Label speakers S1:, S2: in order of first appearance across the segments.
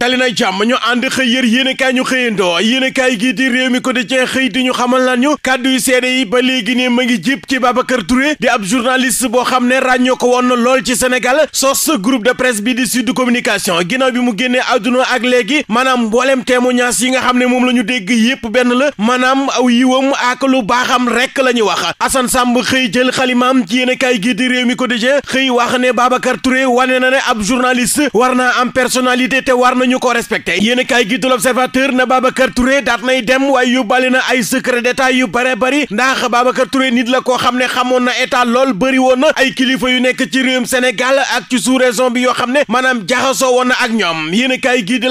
S1: dali na jàmm ñu ànd xëy yër yéen i ñu xëyandoo yéen i kaay gii di réew mi ko di cee xëy di ñu xamal lan ñu kàddu yu seede yi ba léegi nii ma ngi jib ci Babacar Touré di ab journaliste boo xam ne ràññoo ko woon lool ci Sénégal sos groupe de presse bi di Sud Communication ginnaw bi mu génnee àdduna ak léegi maanaam mbooleem témoignage yi nga xam ne moom la ñu dégg yépp benn la maanaam aw yiwam ak lu baaxam rekk la ñuy wax asan Samb xëy jël xalimaam ci yéen gii di réew mi ko di cee xëy wax ne Babacar Touré wane na ne ab journaliste war naa am personnalité te war ñu ko respecté yéen a kaay gi du na Babacar Touré daat nay dem waaye yóbbaale na ay secret d'état yu bare bari ndax Babacar Touré nit la koo xam ne xamoon na état lool bari woon na ay kilifa yu nekk ci réewum Sénégal ak ci sous bi yoo xam ne maanaam jaxasoo woon na ak ñoom yéen a kaay gi de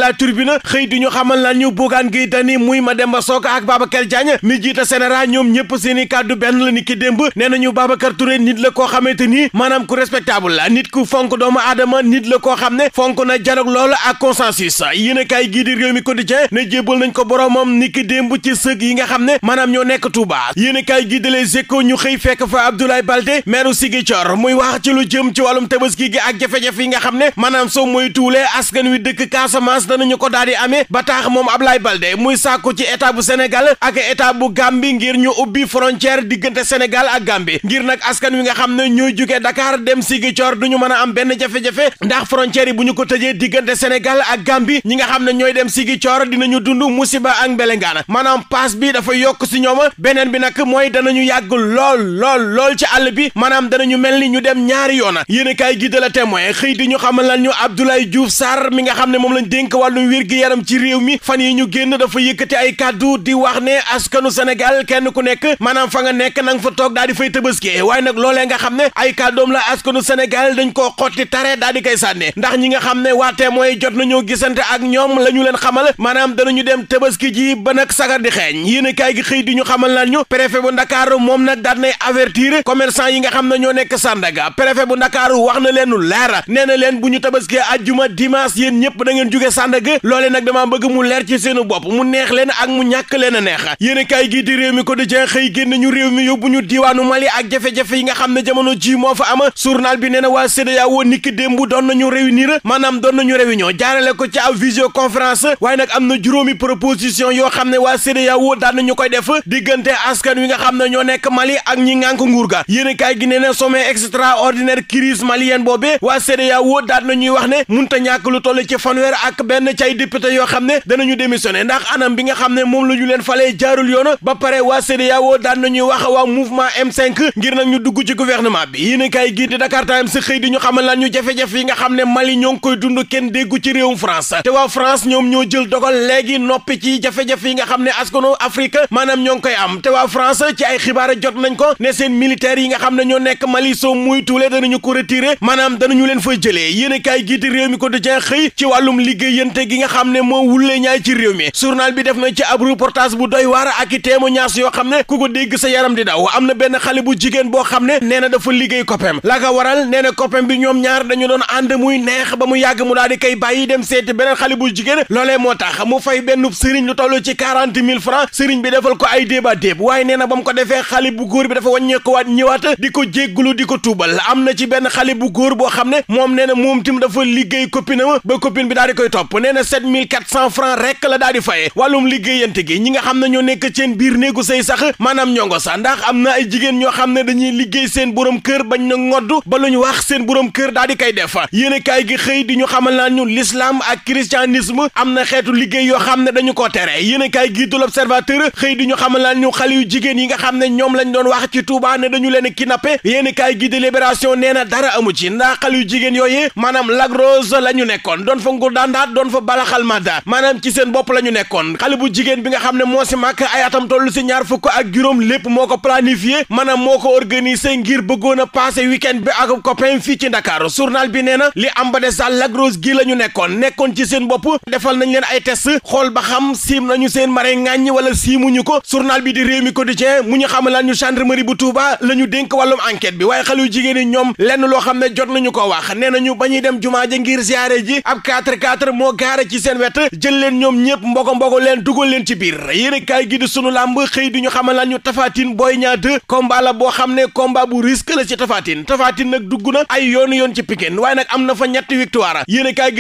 S1: xëy du ñu xamal naa ñu Bougane Gueye Dany muy Mademba Sock ak Babacar Diagne mi jiite Sénéra ñoom ñëpp seeni kàddu benn la ni ki démb nee nañu Babacar Touré nit la koo xamante ni maanaam ku respectable la nit ku fonk doomu aadama nit la koo xam ne fonk na dialogue lool ak justice yéen a kaay gii di réew mi quotidien ne jébbal nañ ko boromam niki démb ci sëg yi nga xam ne maanaam ñoo nekk Touba yéen a kaay gii di Les Échos ñu xëy fekk fa Abdoulaye Baldé maire Ziguinchor muy wax ci lu jëm ci wàllum tabaski gi ak jafe-jafe yi nga xam ne maanaam soo mooy tuulee askan wi dëkk Casamance danañu ko daal di amee ba tax moom Abdoulaye Baldé muy sàkku ci état bu Sénégal ak état bu Gambie ngir ñu ubbi frontière diggante Sénégal ak Gambie ngir nag askan wi nga xam ne ñooy jugee Dakar dem Ziguinchor duñu mën a am benn jafe ndax frontière bu ñu ko tëjee diggante Sénégal Gàmbi ñi nga xam ne ñooy dem Sigicoor dinañu dund musiba ak mbelengaana maanaam paas bi dafa yokk si ñooma beneen bi nag mooy dana danañu yàgg lool lool lool ci àll bi maanaam ñu mel ni ñu dem ñaari yoona yéen a kaay gi de la témoin xëy di ñu xamal lan ñu Abdoulaye Diouf Sarr mi nga xam ne moom lañ dénk wàllum wér gi yaram ci réew mi fan yi ñu génn dafa yëkkati ay kàddu di wax ne askanu Sénégal kenn ku nekk maanaam fa nga nekk na nga fa toog daal di fay tëbaskee waaye nag loolee nga xam ne ay kàddoom la askanu Sénégal dañ koo xotti tare daal di koy sànne ndax ñi nga xam ne waa témoin jot nañoo gis gisante ak ñoom la ñu leen xamal maanaam danañu dem tabaski ji ba nag sagar di xeeñ yéen kaay gi xëy di ñu xamal naan ñu préfet bu Ndakaaru moom nag daan nay avertir yi nga xam ne ñoo nekk Sandaga préfet bu Ndakaaru wax na leen leer nee na leen bu ñu tabaski ajjuma dimanche yéen ñëpp da ngeen jóge Sandaga loole nag damaa bëgg mu leer ci seenu bopp mu neex leen ak mu ñàkk leen a neex yéen kaay gi di réew mi ko di jeex xëy génn ñu réew mi yóbbu ñu diwaanu Mali ak jafe-jafe yi nga xam ne jamono ji moo fa am journal bi nee na waa CEDEAO niki démb doon nañu réunir maanaam doon nañu réunion jaarale ko ci ab visioconférence waaye nag am na juróomi proposition yoo xam ne waa CEDEAO daan nañu koy def diggante askan wi nga xam na ñoo nekk Mali ak ñi ngànk nguur ga yéen kaay gi nee na sommet extraordinaire crise malienne boobee waa CEDEAO daan ñuy wax ne munta ñàkk lu toll ci fanweer ak benn cay député yoo xam ne danañu démissionné ndax anam bi nga xam ne moom la ñu leen falee jaarul yoon ba pare waa CEDEAO daan ñuy wax waa mouvement M5 ngir nag ñu dugg ci gouvernement bi yéen kaay gi di Dakar Times ñu xamal la ñu jafe yi nga xam ne Mali ñoo ngi koy dund kenn déggu ci réewum France France te waa France ñoom ñoo jël dogal léegi noppi ci jafe-jafe yi nga xam ne askanu Afrique maanaam ñoo ngi koy am te waa France ci ay xibaar jot nañ ko ne seen militaires yi nga xam ne ñoo nekk Mali soo muy tuule ñu ko retiré maanaam danañu leen fay jëlee yéen a kaay di réew mi ko di jeex xëy ci wàllum liggéeyante gi nga xam ne moo wulle ñaay ci réew mi journal bi def na ci ab reportage bu doy waar ak i témoignage yoo xam ne ku ko dégg sa yaram di daw am na benn xale bu jigéen boo xam ne nee na dafa liggéey coppem la waral nee na coppem bi ñoom ñaar dañu doon ànd muy neex ba mu yàgg mu daal di koy bàyyi dem seeti beneen xale bu jigéen loolee moo tax mu fay benn sëriñ lu toll ci quarante mille francs sëriñ bi defal ko ay déeba déeb waaye nee na ba mu ko defee xale bu góor bi dafa wàññeeku waat ñëwaat di ko jéggulu di ko tuubal am na ci benn xale bu góor boo xam ne moom nee na moom ti mu dafa liggéey copine ma ba copine bi daal di koy topp nee na sept mille quatre cent francs rek la daal di fayee wàllum liggéeyante gi ñi nga xam ne ñoo nekk ceen biir néegu say sax maanaam ñongo sa ndax am na ay jigéen ñoo xam ne dañuy liggéey seen borom kër bañ na ngodd ba lu ñu wax seen borom kër daal di koy def yéen gi xëy di ñu xamal naa ñu l'islam ak ak christianisme am na xeetu liggéey yoo xam ne dañu ko tere yéen a kaay giitu l'observateur xëy di ñu xamalaan ñu xale yu jigéen yi nga xam ne ñoom lañ doon wax ci Touba ne dañu leen ki yéen a kaay gi di libération nee na dara amu ci ndax xale yu jigéen yooyu maanaam lagrose la ñu nekkoon doon fo ngur daandaat doon fa balaxal mada maanaam ci seen bopp la ñu nekkoon xale bu jigéen bi nga xam ne moo si màkk ay atam toll si ñaar fukk ak juróom lépp moo ko planifié maanaam moo ko organisé ngir bëggoon a passé week-end bi ak copain fii ci Dakar journal bi nee na li am ba des lagrose gi la ñu nekkoon nekkoon woon ci seen bopp defal nañ leen ay test xool ba xam siim nañu seen mare ŋàññ wala siimuñu ko journal bi di Rewmi Quotidien mu ñu xamalaan ñu gendarmerie bu Touba la ñu dénk wàllum enquête bi waaye xale yu jigéen ñi ñoom lenn loo xam ne jot nañu ko wax nee nañu ba ñuy dem jumaa ja ngir ziare ji ab 4-4 moo gaare ci seen wet jël leen ñoom ñëpp mbogo mbogo leen dugal leen ci biir yéen kaay gi di sunu làmb xëy di ñu xamalaan ñu tafaatin booy ñaar deux combat la boo xam ne combat bu la ci tafaatin tafaatin nag dugg na ay yoonu yoon ci Pikine waaye nag am na fa ñetti victoire yéen kaay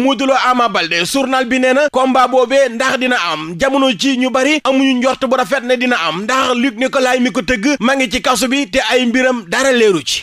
S1: Modou Lo Ama Baldé journal bi nee na combat boobee ndax dina am jamono ji ñu bari amuñu njort bu rafet ne dina am ndax Luc Nicolaï mi ko tëgg ma ngi ci kasu bi te ay mbiram dara leeru ci